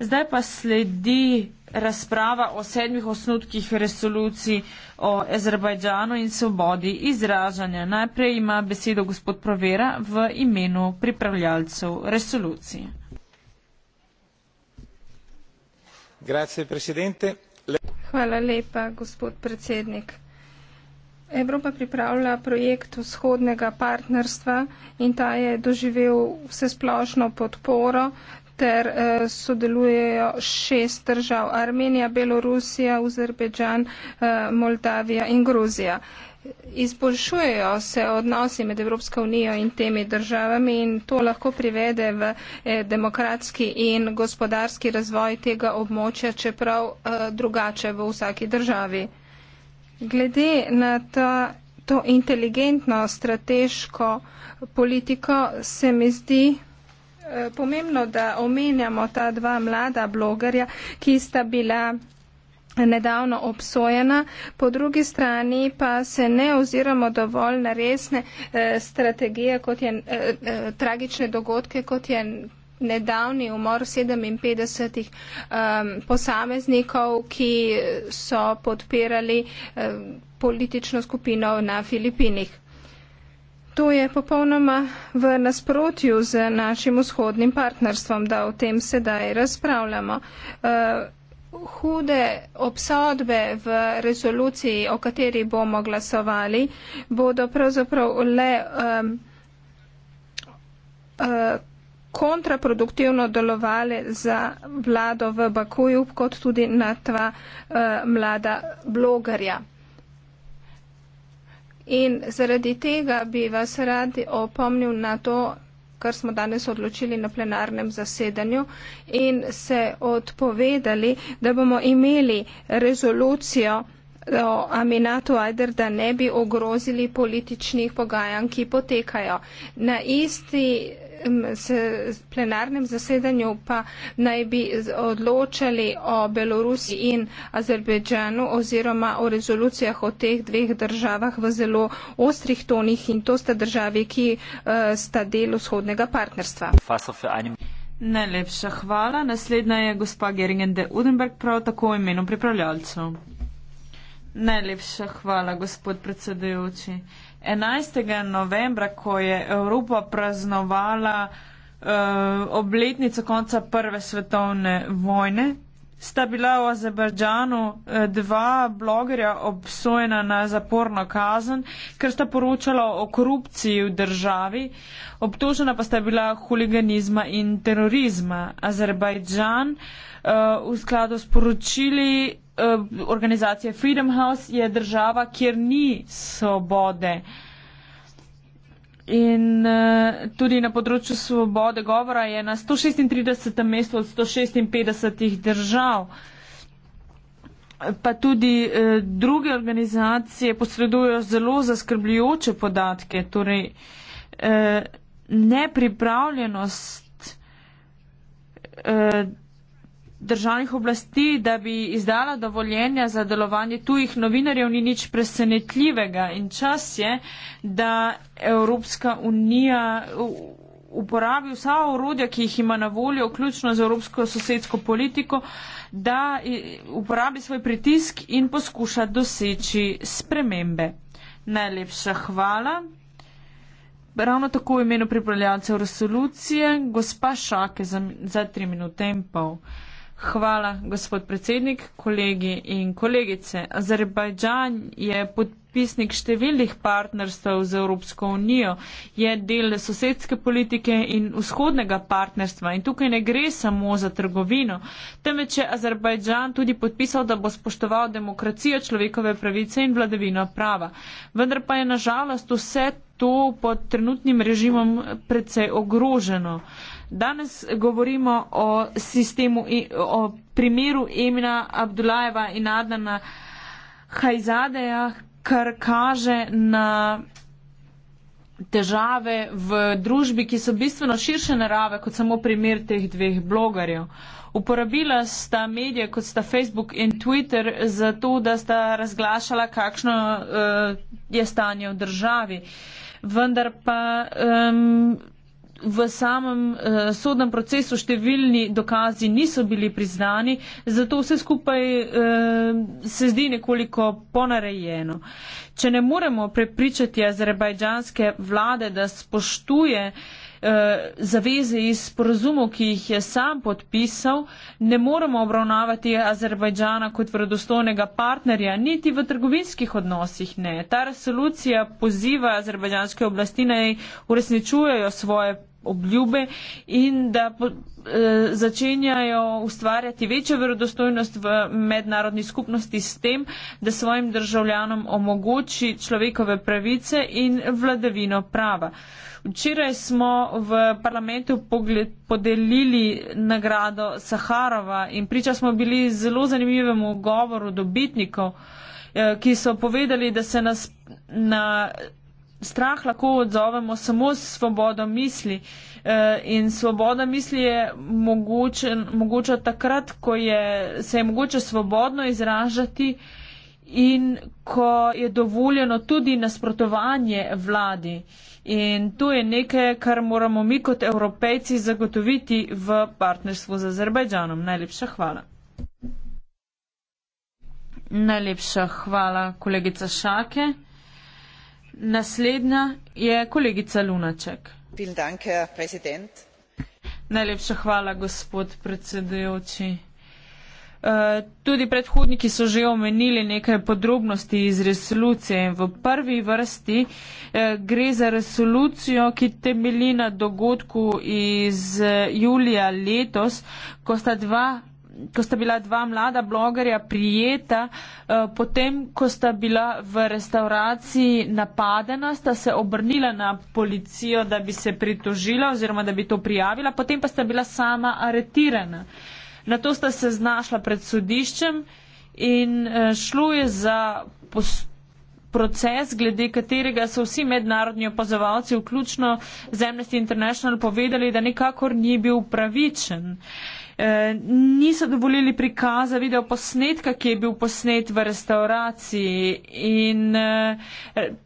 Zdaj pa sledi razprava o sedmih osnutkih resolucij o Azerbajdžanu in svobodi izražanja. Najprej ima besedo gospod Provera v imenu pripravljalcev resolucij. Hvala lepa, gospod predsednik. Evropa pripravlja projekt vzhodnega partnerstva in ta je doživel vse splošno podporo, ter uh, sodelujejo šest držav Armenija, Belorusija, Azerbejdžan, uh, eh, Moldavija in Gruzija. Izboljšujejo se odnosi med Evropsko unijo in temi državami in to lahko privede v eh, demokratski in gospodarski razvoj tega območja, čeprav drugače v vsaki državi. Glede na ta, to inteligentno strateško politiko se mi zdi, Eh, pomembno, da omenjamo ta dva mlada blogerja, ki sta bila nedavno obsojena, po drugi strani pa se ne oziramo dovolj na resne eh, strategije, kot je eh, eh, tragične dogodke, kot je nedavni umor 57 eh, posameznikov, ki so podpirali eh, politično skupino na Filipinih. To je popolnoma v nasprotju z našim vzhodnim partnerstvom, da o tem sedaj razpravljamo. Uh, hude obsodbe v rezoluciji, o kateri bomo glasovali, bodo pravzaprav le um, uh, kontraproduktivno delovali za vlado v Bakuju, kot tudi na dva uh, eh, mlada blogerja. In zaradi tega bi vas radi opomnil na to, kar smo danes odločili na plenarnem zasedanju in se odpovedali, da bomo imeli rezolucijo o Aminatu Ajder, da ne bi ogrozili političnih pogajanj, ki potekajo. Na isti plenarnem zasedanju pa naj bi odločali o Belorusiji in Azerbejdžanu oziroma o rezolucijah o teh dveh državah v zelo ostrih tonih in to sta državi, ki eh, sta del vzhodnega partnerstva. Najlepša hvala. Naslednja je gospa Geringen de Udenberg, prav tako v imenu pripravljalcev. Najlepša hvala, gospod predsedujoči. 11. novembra, ko je Evropa praznovala uh, obletnico konca Prve svetovne vojne, sta bila v Azerbajdžanu eh, dva blogerja obsojena na zaporno kazen, ker sta poročala o korupciji v državi, obtožena pa sta bila huliganizma in terorizma. Azerbajdžan uh, v skladu s poročili Eh, organizacije Freedom House je država, kjer ni svobode. In uh, tudi na področju svobode govora je na 136. mestu od 156 držav. Pa tudi uh, druge organizacije posredujo zelo zaskrbljujoče podatke. Torej, uh, nepripravljenost uh, državnih oblasti, da bi izdala dovoljenja za delovanje tujih novinarjev, ni nič presenetljivega in čas je, da Evropska unija uporabi vsa urodja, ki jih ima na voljo, vključno z evropsko sosedsko politiko, da uporabi svoj pritisk in poskuša doseči spremembe. Najlepša hvala. Ravno tako v imenu pripravljalcev resolucije, gospa Šake za, za tri minute in pol. Hvala, gospod predsednik, kolegi in kolegice. Azerbajdžan je podpisnik številnih partnerstv z Evropsko unijo, je del sosedske politike in vzhodnega partnerstva in tukaj ne gre samo za trgovino, temveč je Azerbajdžan tudi podpisal, da bo spoštoval demokracijo, človekove pravice in vladavino prava. Vendar pa je nažalost vse to pod trenutnim režimom predvsej ogroženo. Uh, Danes govorimo o sistemu, o primeru Emina Abdulajeva in Adana Hajzadeja, kar kaže na težave v družbi, ki so bistveno širše narave kot samo primer teh dveh blogarjev. Uporabila sta medije, kot sta Facebook in Twitter, za to, da sta razglašala, kakšno uh, je stanje v državi. Vendar pa um, v samem uh, sodnem procesu številni dokazi niso bili priznani, zato vse skupaj uh, se zdi nekoliko ponarejeno. Če ne moremo prepričati azerbajdžanske vlade, da spoštuje uh, Eh, zaveze iz sporozumov, ki jih je sam podpisal, ne moremo obravnavati Azerbajdžana kot vredostojnega partnerja, niti v trgovinskih odnosih ne. Ta resolucija poziva azerbajdžanske oblasti naj uresničujejo svoje obljube in da eh, začenjajo ustvarjati večjo verodostojnost v mednarodni skupnosti s tem, da svojim državljanom omogoči človekove pravice in vladavino prava. Uh, Včeraj smo v parlamentu pogled, podelili nagrado Saharova in priča smo bili zelo zanimivemu govoru dobitnikov, eh, ki so povedali, da se nas na strah lahko odzovemo samo s svobodo misli. Eh, in svoboda misli je mogoče, mogoče takrat, ko je, se je mogoče svobodno izražati in ko je dovoljeno tudi nasprotovanje vladi. In tu je nekaj, kar moramo mi kot evropejci zagotoviti v partnerstvu z Azerbajdžanom. Najlepša hvala. Najlepša hvala, kolegica Šake. Naslednja je kolegica Lunaček. Danke, Najlepša hvala, gospod predsedujoči. Eh, tudi predhodniki so že omenili nekaj podrobnosti iz resolucije. V prvi vrsti eh, gre za resolucijo, ki temeli na dogodku iz eh, julija letos, ko sta dva. Ko sta bila dva mlada blogerja prijeta, eh, potem, ko sta bila v restauraciji napadena, sta se obrnila na policijo, da bi se pritožila oziroma da bi to prijavila, potem pa sta bila sama aretirana. Eh, Na to sta se znašla pred sodiščem in eh, šlo je za proces, glede katerega so vsi mednarodni opazovalci, vključno Zemljesti International, povedali, da nikakor ni bil pravičen. Uh, Eh, niso dovolili prikaza video posnetka, ki je bil posnet v restauraciji in eh,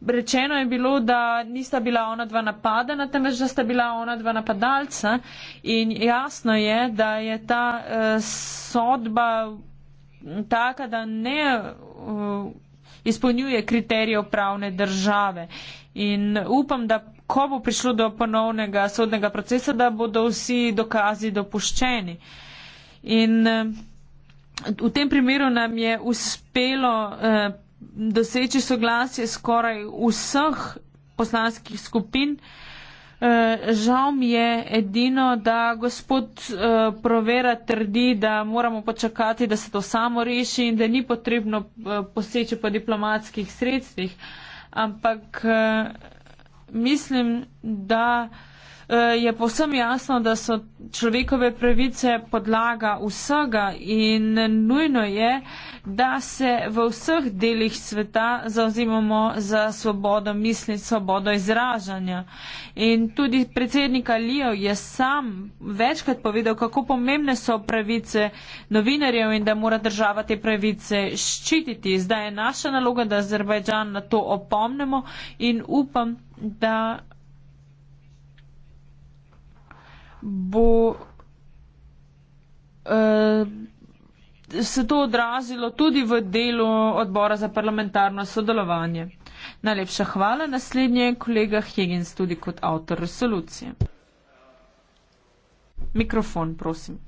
rečeno je bilo, da nista bila ona dva napadena, temveč da sta bila ona dva napadalca in jasno je, da je ta eh, sodba taka, da ne izpolnjuje kriterijev pravne države. In upam, da ko bo prišlo do ponovnega sodnega procesa, da bodo vsi dokazi dopuščeni. In eh, v tem primeru nam je uspelo eh, doseči soglasje skoraj vseh poslanskih skupin. Eh, žal mi je edino, da gospod Provera trdi, da moramo počakati, da se to samo reši in da ni potrebno poseči po diplomatskih sredstvih. Ampak mislim, da eh, je povsem jasno, da so človekove pravice podlaga vsega in nujno je, da se v vseh delih sveta zauzimamo za svobodo misli, svobodo izražanja. In tudi predsednik Alijev je sam večkrat povedal, kako pomembne so pravice novinarjev in da mora država te pravice ščititi. Zdaj je naša naloga, da Azerbajdžan na to opomnemo in upam, da bo uh, se to odrazilo tudi v delu odbora za parlamentarno sodelovanje. Najlepša hvala. Naslednji je kolega Higgins, tudi kot avtor resolucije. Mikrofon, prosim.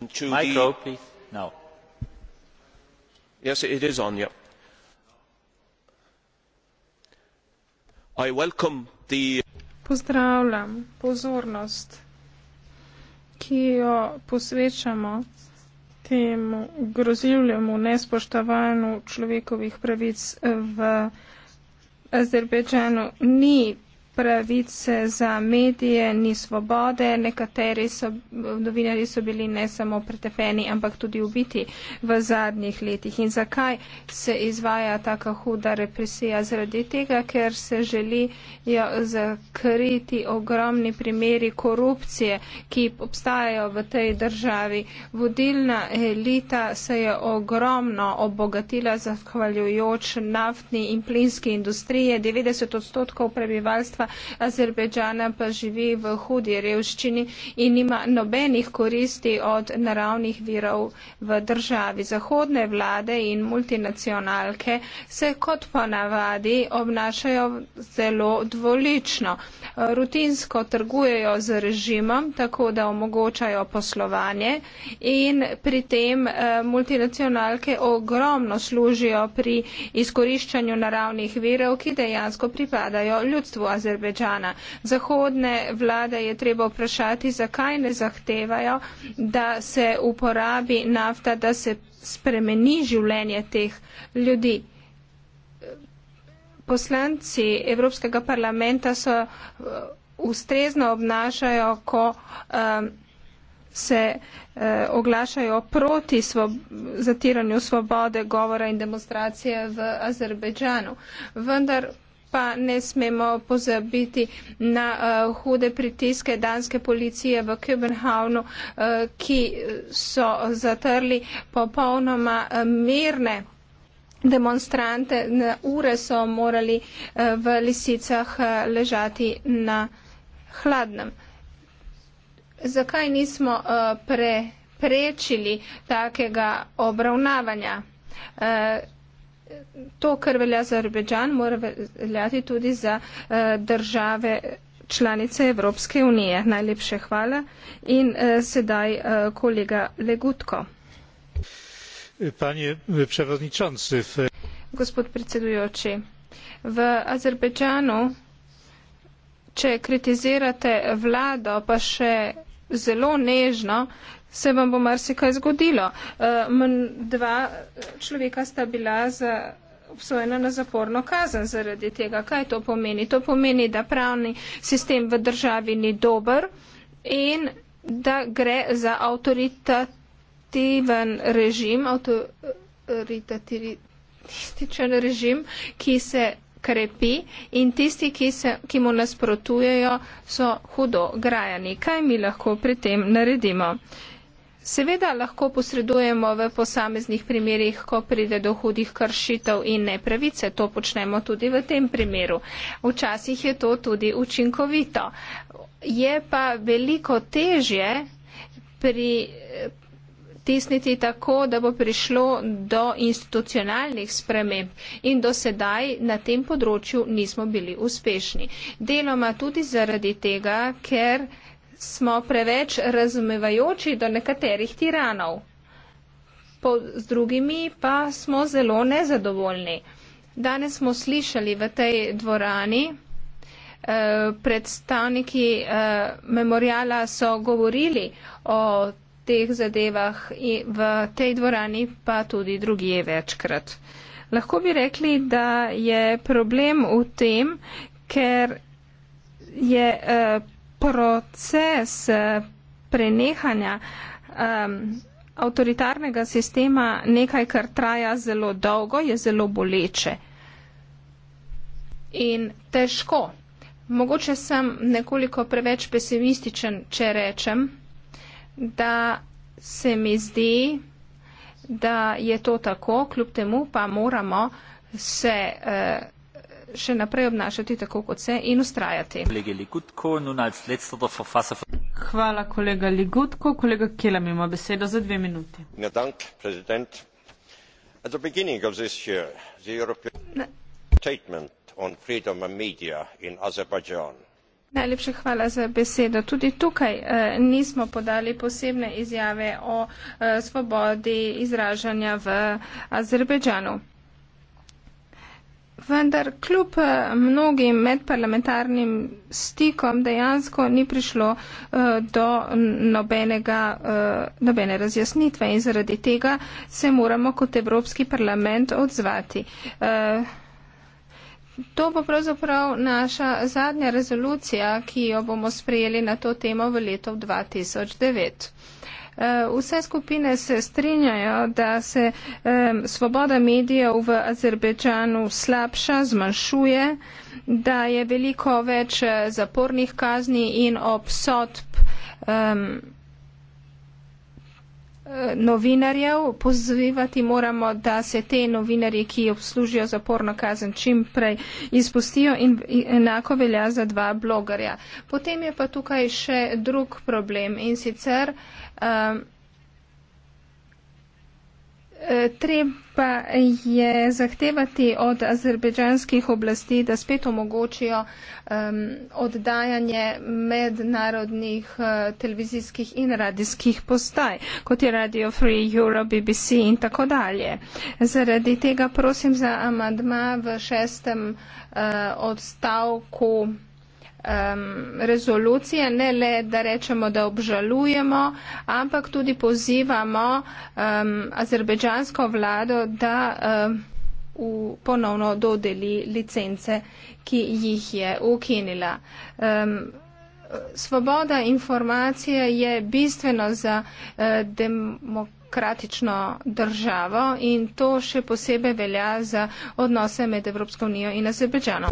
Mikrofon, prosim. Yes, it is on, yep. Pozdravljam pozornost, ki jo posvečamo temu grozljivemu nespoštovanju človekovih pravic v Azerbejdžanu. Ni pravice za medije, ni svobode, nekateri so, novinari so bili ne samo pretepeni, ampak tudi ubiti v zadnjih letih. In zakaj se izvaja taka huda represija? Zaradi tega, ker se želi jo zakriti ogromni primeri korupcije, ki obstajajo v tej državi. Vodilna elita se je ogromno obogatila zahvaljujoč naftni in plinski industriji. 90 odstotkov prebivalstva Azerbejdžana pa živi v hudi revščini in nima nobenih koristi od naravnih virov v državi. Zahodne vlade in multinacionalke se kot ponavadi obnašajo zelo dvolično. Rutinsko trgujejo z režimom, tako da omogočajo poslovanje in pri tem eh, multinacionalke ogromno služijo pri izkoriščanju naravnih virov, ki dejansko pripadajo ljudstvu Azerbejdžana. Azerbejdžana. Zahodne vlade je treba vprašati, zakaj ne zahtevajo, da se uporabi nafta, da se spremeni življenje teh ljudi. Poslanci Evropskega parlamenta so uh, ustrezno obnašajo, ko um, se uh, oglašajo proti svob zatiranju svobode govora in demonstracije v Azerbejdžanu. Vendar pa ne smemo pozabiti na uh, hude pritiske danske policije v Kübenhavnu, uh, eh, ki so zatrli popolnoma uh, mirne demonstrante. Na ure so morali uh, v lisicah uh, ležati na hladnem. Zakaj nismo uh, preprečili takega obravnavanja? Uh, To, kar velja za Azerbejdžan, mora veljati tudi za eh, države članice Evropske unije. Najlepše hvala. In eh, sedaj eh, kolega Legutko. Panie przewodniczący. W... Gospod predsedujoči, v Azerbejdžanu, če kritizirate vlado, pa še zelo nežno, se vam bo marsikaj zgodilo. Eh, dva človeka sta bila za obsojena na zaporno kazen zaradi tega. Kaj to pomeni? To pomeni, da pravni sistem v državi ni dober in da gre za avtoritativen režim, avtoritativističen režim, ki se krepi in tisti, ki, se, ki mu nasprotujejo, so hudo grajani. Kaj mi lahko pri tem naredimo? Seveda lahko posredujemo v posameznih primerjih, ko pride do hudih kršitev in nepravice. To počnemo tudi v tem primeru. Včasih je to tudi učinkovito. Je pa veliko težje pri pritisniti tako, da bo prišlo do institucionalnih sprememb in do sedaj na tem področju nismo bili uspešni. Deloma tudi zaradi tega, ker smo preveč razumevajoči do nekaterih tiranov. Po, z drugimi pa smo zelo nezadovoljni. Danes smo slišali v tej dvorani, eh, predstavniki eh, memoriala so govorili o teh zadevah v tej dvorani, pa tudi drugije večkrat. Lahko bi rekli, da je problem v tem, ker je uh, proces uh, prenehanja um, avtoritarnega sistema nekaj, kar traja zelo dolgo, je zelo boleče in težko. Mogoče sem nekoliko preveč pesimističen, če rečem, da se mi zdi, da je to tako, kljub temu pa moramo se uh, še naprej obnašati tako, kot se in ustrajati. Hvala, kolega Ligutko. Kolega Kelam ima besedo za dve minuti. Ja, Na, Najlepša hvala za besedo. Tudi tukaj eh, nismo podali posebne izjave o eh, svobodi izražanja v Azerbejdžanu. Vendar kljub eh, mnogim medparlamentarnim stikom dejansko ni prišlo uh, do nobenega, uh, nobene razjasnitve in zaradi tega se moramo kot Evropski parlament odzvati. Uh, To bo pravzaprav naša zadnja rezolucija, ki jo bomo sprejeli na to temo v letu 2009. Eh, vse skupine se strinjajo, da se um, svoboda medijev v Azerbejdžanu slabša, zmanjšuje, da je veliko več eh, zapornih kazni in obsodb. Um, novinarjev, pozivati moramo, da se te novinarje, ki obslužijo zaporno kazen, čim prej izpustijo in enako velja za dva blogerja. Potem je pa tukaj še drug problem in sicer. Um, treba je zahtevati od azerbejdžanskih oblasti, da spet omogočijo um, oddajanje mednarodnih uh, televizijskih in radijskih postaj, kot je Radio Free Europe, BBC in tako dalje. Zaradi tega prosim za amadma v šestem uh, odstavku um, rezolucije, ne le, da rečemo, da obžalujemo, ampak tudi pozivamo um, azerbejdžansko vlado, da um, v, ponovno dodeli licence, ki jih je ukinila. Um, svoboda informacije je bistveno za uh, eh, demokracijo kratično državo in to še posebej velja za odnose med Evropsko unijo in Azerbejdžanom.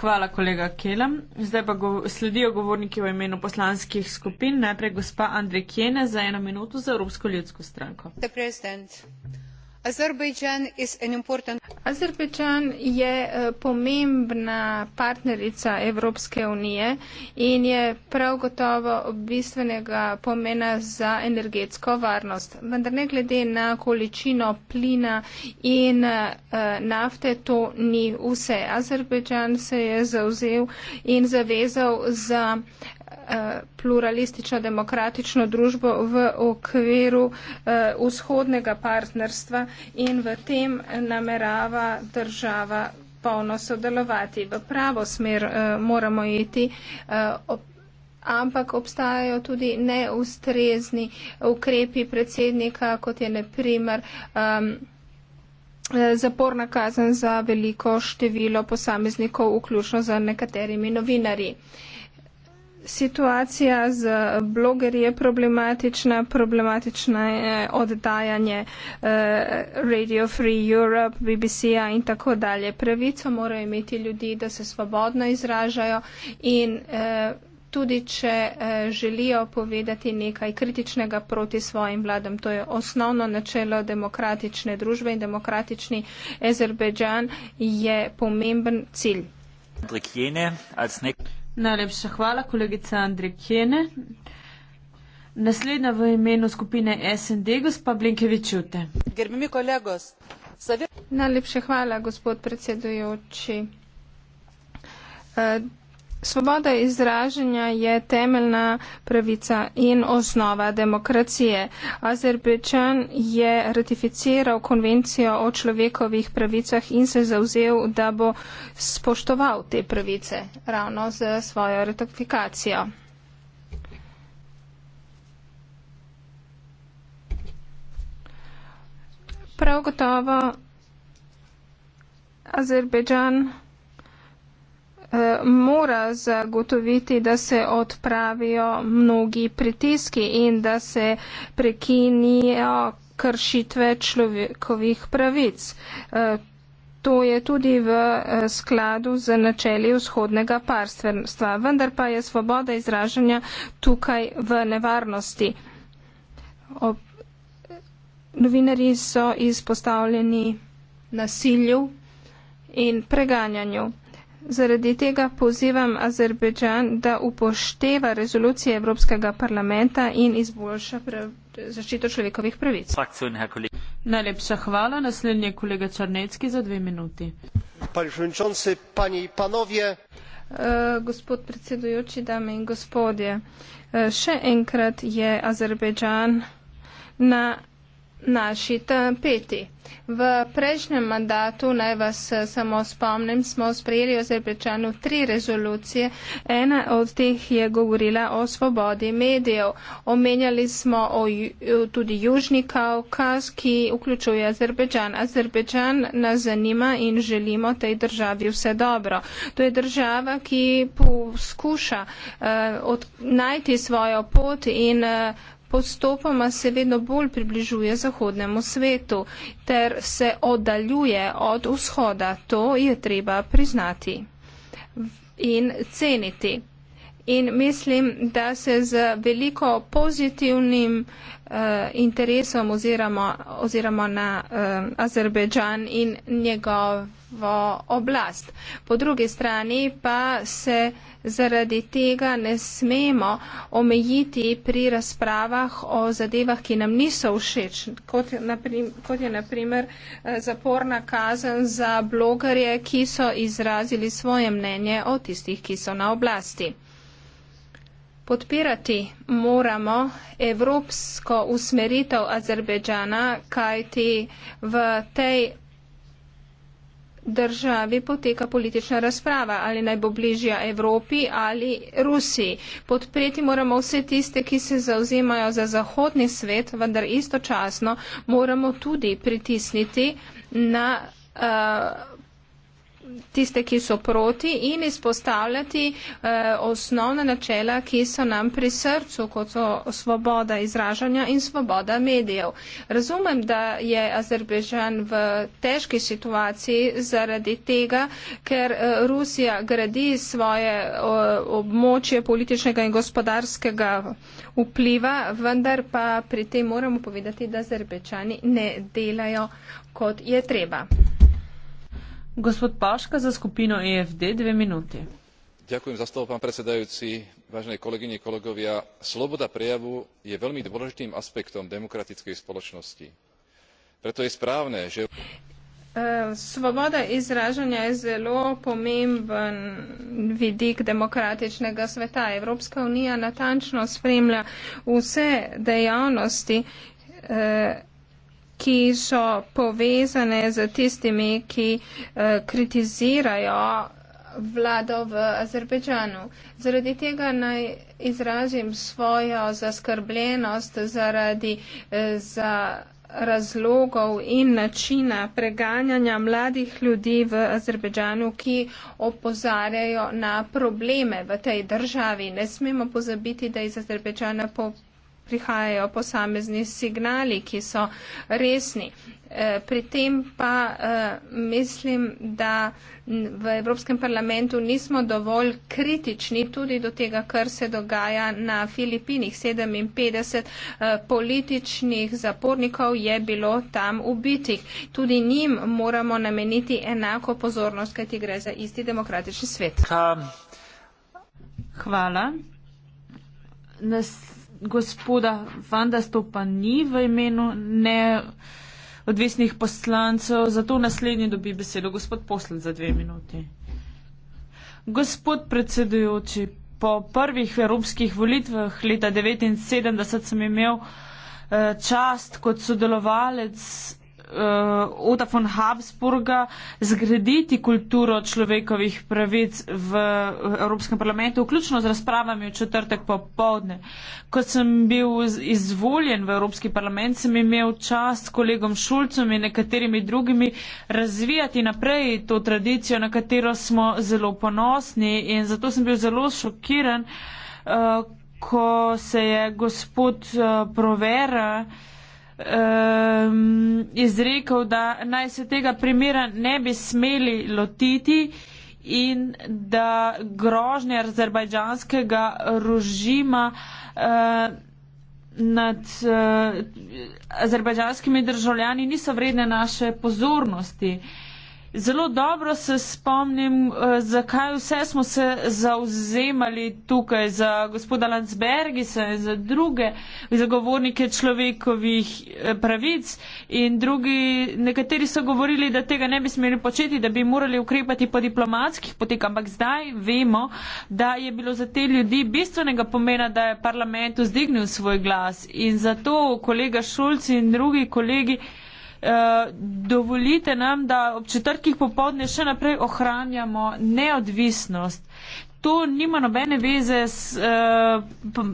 Hvala, kolega Kelem. Zdaj pa go sledijo govorniki v imenu poslanskih skupin. Najprej gospa Andrej Kjene za eno minuto za Evropsko ljudsko stranko. Gospod predsednik. Azerbajdžan je eh, pomembna partnerica Evropske unije in je prav gotovo bistvenega pomena za energetsko varnost. Vendar ne glede na količino plina in eh, nafte, to ni vse. Azerbajdžan se je zauzel in zavezal za Eh, pluralistično demokratično družbo v okviru eh, vzhodnega partnerstva in v tem namerava država polno sodelovati. V pravo smer eh, moramo iti. Ampak obstajajo tudi neustrezni ukrepi predsednika, kot je ne primer um, zaporna kazen za veliko število posameznikov, vključno z nekaterimi novinarji. Uh, situacija z blogerji je problematična, problematično je oddajanje eh, Radio Free Europe, BBC-ja in tako dalje. Pravico morajo imeti ljudi, da se svobodno izražajo in eh, tudi, če eh, želijo povedati nekaj kritičnega proti svojim vladam. To je osnovno načelo demokratične družbe in demokratični Azerbejdžan je pomemben cilj. Drekjene, als nekaj. Najlepša hvala, kolegica Andrej Kjene. Naslednja v imenu skupine SND, gospa Blinkevič, čute. Najlepša hvala, gospod predsedujoči. Eh, Svoboda izražanja je temeljna pravica in osnova demokracije. Azerbejčan je ratificiral konvencijo o človekovih pravicah in se zauzel, da bo spoštoval te pravice ravno z svojo ratifikacijo. Prav gotovo Azerbejčan. Eh, mora zagotoviti, da se odpravijo mnogi pritiski in da se prekinijo kršitve človekovih pravic. Eh, to je tudi v eh, skladu z načeli vzhodnega parstvenstva, vendar pa je svoboda izražanja tukaj v nevarnosti. Ob... Novinari so izpostavljeni nasilju in preganjanju. Zaradi tega pozivam Azerbejdžan, da upošteva rezolucije Evropskega parlamenta in izboljša zaščito človekovih pravic. Najlepša hvala. Naslednji je kolega Črnecki za dve minuti. Uh, gospod predsedujoči, dame in gospodje, uh, še enkrat je Azerbejdžan na naši tempeti. V prejšnjem mandatu, naj vas eh, samo spomnim, smo sprejeli ozrečeno tri rezolucije. Ena od teh je govorila o svobodi medijev. Omenjali smo o, tudi Južni Kaukaz, ki vključuje Azerbejdžan. Azerbejdžan nas zanima in želimo tej državi vse dobro. To je država, ki poskuša uh, od, najti svojo pot in uh, postopoma se vedno bolj približuje zahodnemu svetu ter se oddaljuje od vzhoda. To je treba priznati in ceniti. In mislim, da se z veliko pozitivnim uh, interesom oziramo, oziramo na uh, eh, Azerbejdžan in njegovo oblast. Po drugi strani pa se zaradi tega ne smemo omejiti pri razpravah o zadevah, ki nam niso všeč, kot, naprim, kot je naprimer eh, zaporna kazen za blogerje, ki so izrazili svoje mnenje o tistih, ki so na oblasti podpirati moramo evropsko usmeritev Azerbejdžana, kajti v tej državi poteka politična razprava, ali naj bo bližja Evropi ali Rusiji. Podpreti moramo vse tiste, ki se zauzemajo za zahodni svet, vendar istočasno moramo tudi pritisniti na. Uh, tiste, ki so proti in izpostavljati eh, osnovna načela, ki so nam pri srcu, kot so svoboda izražanja in svoboda medijev. Razumem, da je Azerbejžan v težki situaciji zaradi tega, ker eh, Rusija gradi svoje eh, območje političnega in gospodarskega vpliva, vendar pa pri tem moramo povedati, da Azerbejčani ne delajo, kot je treba. Gospod Paška za skupino EFD dve minuty. Ďakujem za slovo, pán predsedajúci. Vážené kolegyne, kolegovia, sloboda prejavu je veľmi dôležitým aspektom demokratickej spoločnosti. Preto je správne, že... E, svoboda izražanja je zelo pomemben vidik demokratičnega sveta. Evropska unija natančno spremlja vse dejavnosti eh, ki so povezane z tistimi, ki eh, kritizirajo vlado v Azerbejdžanu. Zaradi tega naj izrazim svojo zaskrbljenost zaradi eh, za razlogov in načina preganjanja mladih ljudi v Azerbejdžanu, ki opozarjajo na probleme v tej državi. Ne smemo pozabiti, da iz Azerbejdžana po prihajajo posamezni signali, ki so resni. Eh, pri tem pa eh, mislim, da v Evropskem parlamentu nismo dovolj kritični tudi do tega, kar se dogaja na Filipinih. 57 eh, političnih zapornikov je bilo tam ubitih. Tudi njim moramo nameniti enako pozornost, kajti gre za isti demokratični svet. Hvala. Nas gospoda Vanda Stopa ni v imenu neodvisnih poslancev, zato naslednji dobi besedo gospod poslan za dve minuti. Gospod predsedujoči, po prvih evropskih volitvah leta 1979 sem imel eh, čast kot sodelovalec uh, eh, Oda von Habsburga zgraditi kulturo človekovih pravic v Evropskem parlamentu, vključno z razpravami v četrtek popovdne. Ko sem bil izvoljen v Evropski parlament, sem imel čast s kolegom Šulcem in nekaterimi drugimi razvijati naprej to tradicijo, na katero smo zelo ponosni in zato sem bil zelo šokiran, uh, ko se je gospod uh, Provera uh, um, izrekel, da naj se tega primera ne bi smeli lotiti in da grožnje azerbajdžanskega rožima uh, eh, nad uh, azerbajdžanskimi državljani niso vredne naše pozornosti. Uh, Zelo dobro se spomnim, eh, zakaj vse smo se zauzemali tukaj za gospoda Landsbergisa in za druge zagovornike človekovih eh, pravic in drugi, nekateri so govorili, da tega ne bi smeli početi, da bi morali ukrepati po diplomatskih potek, ampak zdaj vemo, da je bilo za te ljudi bistvenega pomena, da je parlament vzdignil svoj glas in zato kolega Šulc in drugi kolegi Eh, dovolite nam, da ob četrtkih popovdne še naprej ohranjamo neodvisnost. To nima nobene veze s uh,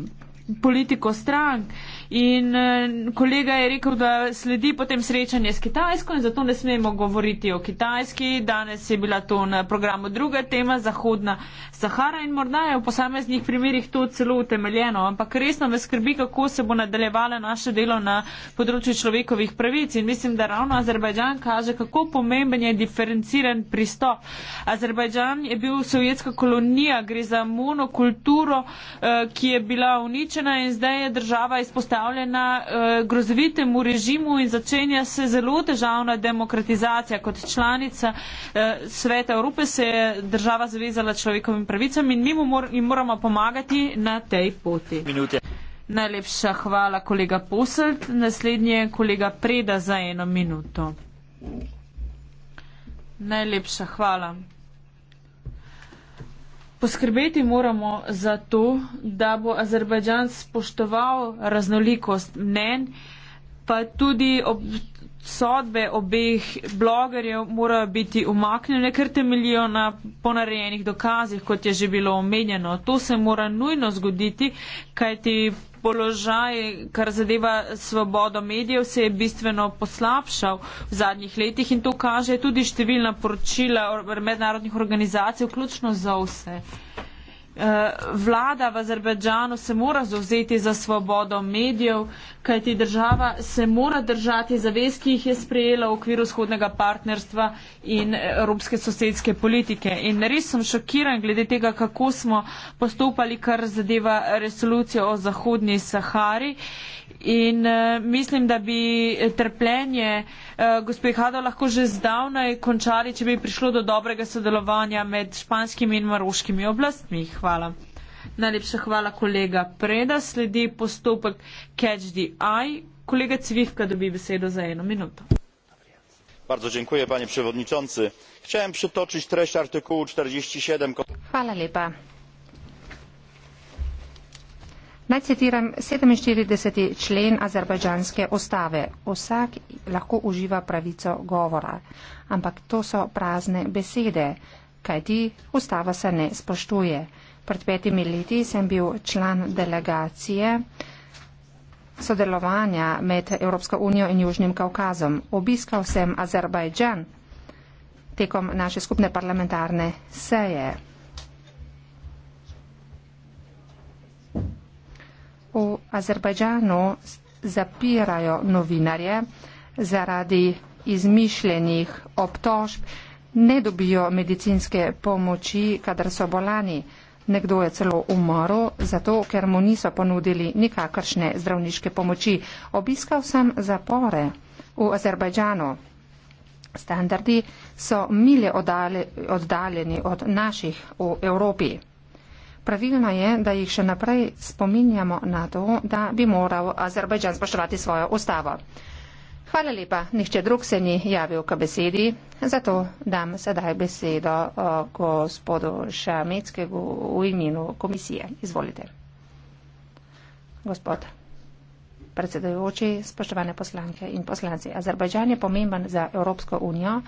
politiko strank. Uh, In eh, kolega je rekel, da sledi potem srečanje s Kitajsko in zato ne smemo govoriti o Kitajski. Danes je bila to na programu druga tema, Zahodna Sahara in morda je v posameznih primerjih to celo utemeljeno, ampak resno me skrbi, kako se bo nadaljevalo naše delo na področju človekovih pravic. In mislim, da ravno Azerbajdžan kaže, kako pomemben je diferenciran pristop. Azerbajdžan je bil sovjetska kolonija, gre za monokulturo, eh, ki je bila uničena in zdaj je država izpostavljena izpostavljena uh, eh, grozovitemu režimu in začenja se zelo težavna demokratizacija. Kot članica uh, Sveta Evrope se je država zavezala človekovim pravicam in mi mor jim moramo pomagati na tej poti. Minute. Najlepša hvala, kolega Poselt. Naslednji je kolega Preda za eno minuto. Najlepša hvala. Poskrbeti moramo za to, da bo Azerbajdžan spoštoval raznolikost mnen, pa tudi ob sodbe obeh blogerjev morajo biti umaknjene, ker temeljijo na ponarejenih dokazih, kot je že bilo omenjeno. To se mora nujno zgoditi, kajti položaj, kar zadeva svobodo medijev, se je bistveno poslabšal v zadnjih letih in to kaže tudi številna poročila mednarodnih organizacij, vključno za vse. Eh, vlada v Azerbejdžanu se mora zauzeti za svobodo medijev, kajti država se mora držati zavez, ki jih je sprejela v okviru shodnega partnerstva in eh, evropske sosedske politike. In res sem šokiran glede tega, kako smo postopali, kar zadeva resolucijo o Zahodni Sahari. In uh, mislim, da bi trpljenje uh, gospe Hado lahko že zdavnaj končali, če bi prišlo do dobrega sodelovanja med španskimi in maroškimi oblastmi. Hvala. Najlepša hvala, kolega Preda. Sledi postopek Catch the Eye. Kolega Cvihka dobi besedo za eno minuto. Bardzo dziękuję, panie przewodniczący. Chciałem przytoczyć treść artykułu 47. Hvala lepa. Naj citiram 47. člen azerbajdžanske ostave. Vsak lahko uživa pravico govora, ampak to so prazne besede, kajti ustava se ne spoštuje. Pred petimi leti sem bil član delegacije sodelovanja med Evropsko unijo in Južnim Kaukazom. Obiskal sem Azerbajdžan tekom naše skupne parlamentarne seje. V Azerbajdžanu zapirajo novinarje zaradi izmišljenih obtožb, ne dobijo medicinske pomoči, kadar so bolani nekdo je celo umrl, zato ker mu niso ponudili nikakršne zdravniške pomoči. Obiskal sem zapore v Azerbajdžanu. Standardi so mile oddaljeni od naših v Evropi. Pravilno je, da jih še naprej spominjamo na to, da bi moral Azerbajdžan spoštovati svojo ustavo. Hvala lepa. Nihče drug se ni javil k besedi, zato dam sedaj besedo gospodu Šametskemu v imenu komisije. Izvolite. Gospod predsedujoči, spoštovane poslanke in poslanci. Azerbajdžan je pomemben za Evropsko unijo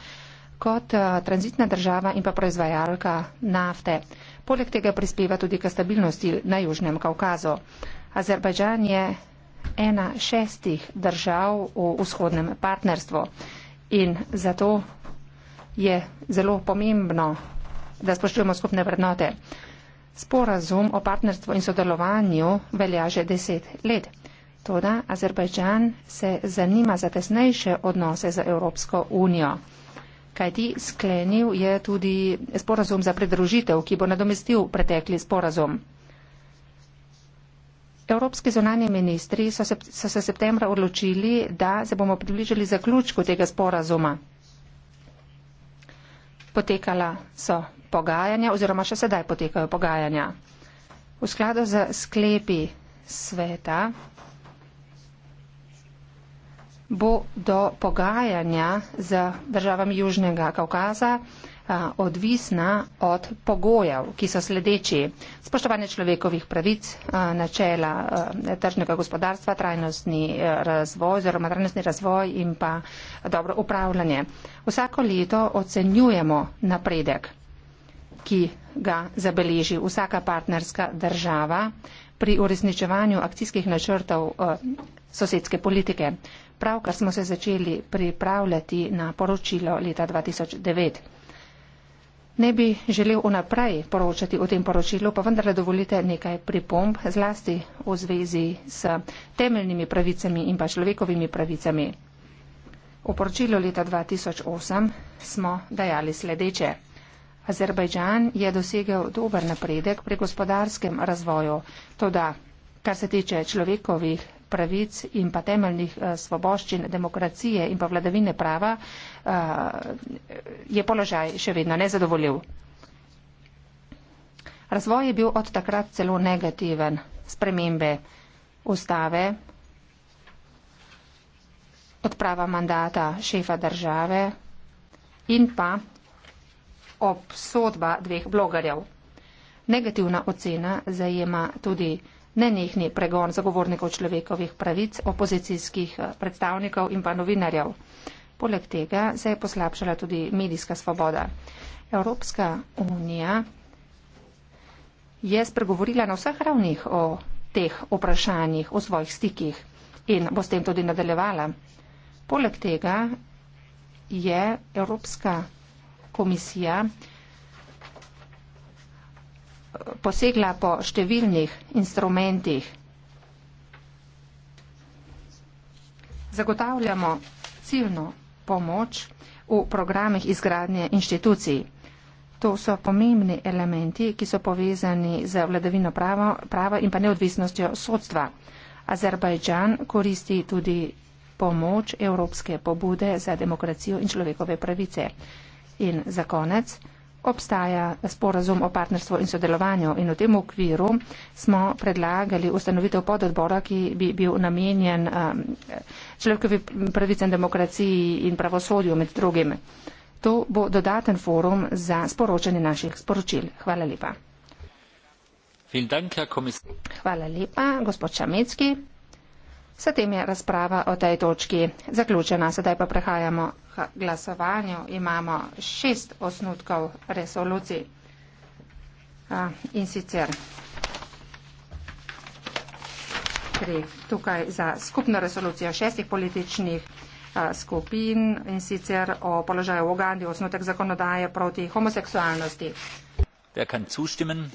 kot eh, tranzitna država in pa proizvajalka nafte. Poleg tega prispeva tudi k stabilnosti na Južnem Kaukazu. Azerbajdžan je ena šestih držav v vzhodnem partnerstvu. In zato je zelo pomembno, da spoštujemo skupne vrednote. Sporazum o partnerstvu in sodelovanju velja že deset let. Toda Azerbajdžan se zanima za tesnejše odnose za Evropsko unijo. Kajti sklenil je tudi sporazum za pridružitev, ki bo nadomestil pretekli sporazum. Evropski zunani ministri so se, so se septembra odločili, da se bomo približili zaključku tega sporazuma. Potekala so pogajanja oziroma še sedaj potekajo pogajanja. V skladu z sklepi sveta bo do pogajanja z državami Južnega Kaukaza odvisna od pogojev, ki so sledeči spoštovanje človekovih pravic, načela tržnega gospodarstva, trajnostni e, razvoj, trajnostni razvoj in pa dobro upravljanje. Vsako leto ocenjujemo napredek, ki ga zabeleži vsaka partnerska država pri uresničevanju akcijskih načrtov e, sosedske politike. Pravkar smo se začeli pripravljati na poročilo leta 2009 ne bi želel vnaprej poročati o tem poročilu, pa vendarle dovolite nekaj pripomb, zlasti v zvezi s temeljnimi pravicami in pa človekovimi pravicami. V poročilu leta 2008 smo dajali sledeče. Azerbajdžan je dosegel dober napredek pri gospodarskem razvoju, to da, kar se tiče človekovih pravic in pa temeljnih eh, svoboščin demokracije in pa vladavine prava, eh, je položaj še vedno nezadovoljiv. Razvoj je bil od takrat celo negativen. Spremembe ustave, odprava mandata šefa države in pa obsodba dveh blogarjev. Negativna ocena zajema tudi nenehni pregon zagovornikov človekovih pravic, opozicijskih eh, predstavnikov in pa novinarjev. Poleg tega se je poslabšala tudi medijska svoboda. Evropska unija je spregovorila na vseh ravnih o teh vprašanjih, o svojih stikih in bo s tem tudi nadaljevala. Poleg tega je Evropska komisija posegla po številnih instrumentih. Zagotavljamo ciljno pomoč v programih izgradnje inštitucij. To so pomembni elementi, ki so povezani z vladavino prava, prava in pa neodvisnostjo sodstva. Azerbajdžan koristi tudi pomoč Evropske pobude za demokracijo in človekove pravice. In za konec obstaja sporazum o partnerstvu in sodelovanju in v tem okviru smo predlagali ustanovitev pododbora, ki bi bil namenjen um, človekovi pravicam demokraciji in pravosodju med drugim. To bo dodaten forum za sporočanje naših sporočil. Hvala lepa. Hvala lepa, gospod Čamecki. S tem je razprava o tej točki zaključena. Sedaj pa prehajamo k glasovanju. Imamo šest osnutkov resolucij. In sicer gre tukaj za skupno resolucijo šestih političnih skupin in sicer o položaju v Ugandi, osnutek zakonodaje proti homoseksualnosti. Wer kann zustimmen?